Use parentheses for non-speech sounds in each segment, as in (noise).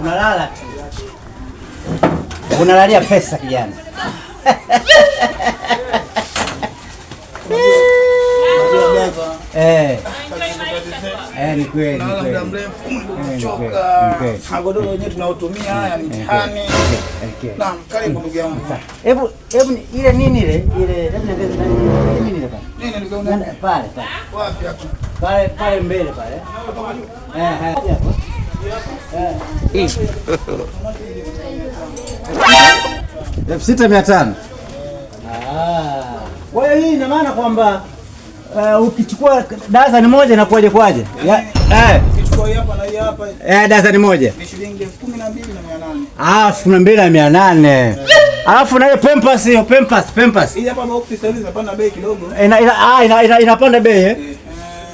unalala tu, unalalia pesa kijana. (laughs) Eh, eh, ni kweli magodoro haya eh, eh, mtihani. Eh, Naam, karibu ndugu yangu. Hebu hebu ile nini ile ile, nini ile pale. pale pale? Wapi hapo? Pale pale mbele pale. Eh, elfu sita mia tano. Ah. Kwa hiyo hii ina maana kwamba eh, ukichukua dasani moja inakuwaje kwaje? Eh. Eh, dasani moja ah, elfu kumi na mbili na mia nane alafu na pempas inapanda bei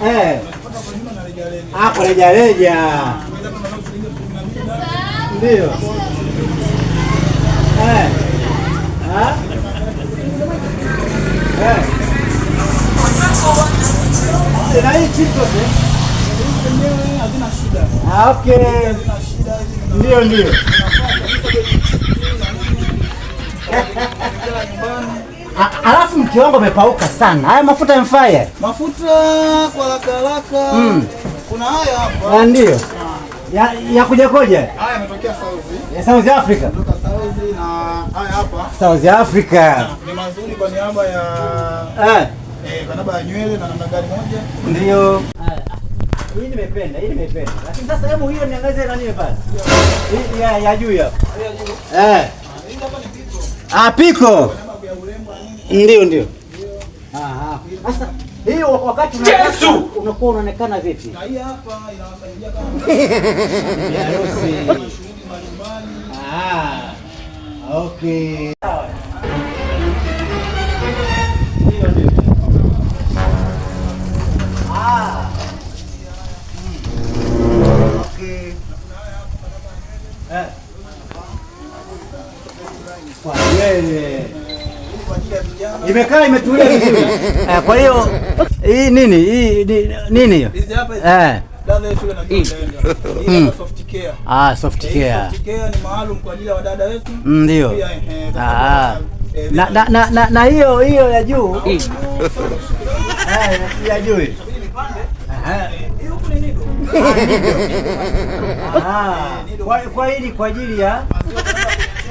Eh. hapo rejareja, ndio eh. Eh. ndio ndio (laughs) Alafu mke wangu amepauka sana. Haya mafuta yamfaya. Mafuta kwa haraka haraka. Mm. Kuna haya hapa. Ah, ndio. Ya ya kuja koja. Haya yametokea South. Ya South Africa. Kutoka South na haya hapa. South Africa. Ah, ni mazuri kwa niaba ya eh eh kwa niaba ya nywele na namna gani moja. Ndio. Hii nimependa, hii nimependa. Lakini sasa hebu hiyo niangazie nani basi. Hii ya juu hapo. Ya juu. Eh. Ah, hii hapa ni piko. Ah, piko. Ndio, ndio. Ah, ah. Sasa hiyo wakati unakuwa unaonekana vipi? (laughs) Ah, okay. Hmm. Eh. Kwa wewe Imekaa imetulia vizuri. (laughs) Eh, kwa hiyo hii nini? Hii nini hiyo? Hizi hapa. Eh. Mm. Mm. Ah, soft eh, care. Soft care ni maalum kwa ajili ya wadada wetu. Mm, ndio. Eh, eh, ah. Na na na na na hiyo hiyo ya juu. Eh, ya juu. Ah, ah. Kwa Kwa hili kwa ajili ya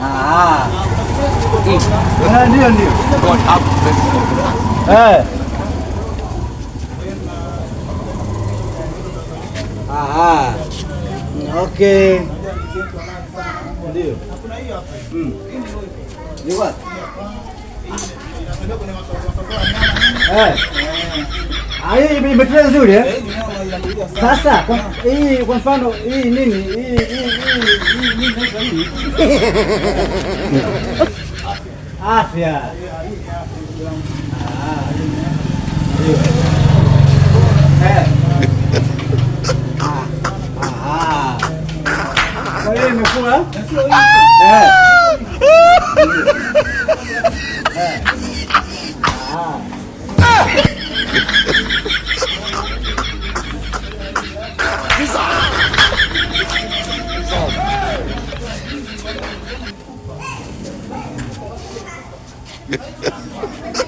Ah, ah, eh. Eh, ndio, ndio. Okay. Hmm. Ndio. Hmm. Eh. Ah, hii imetulia nzuri eh. Sasa hii kwa mfano hii nini afya imekuwa eh. Resolve! (laughs) Resolve!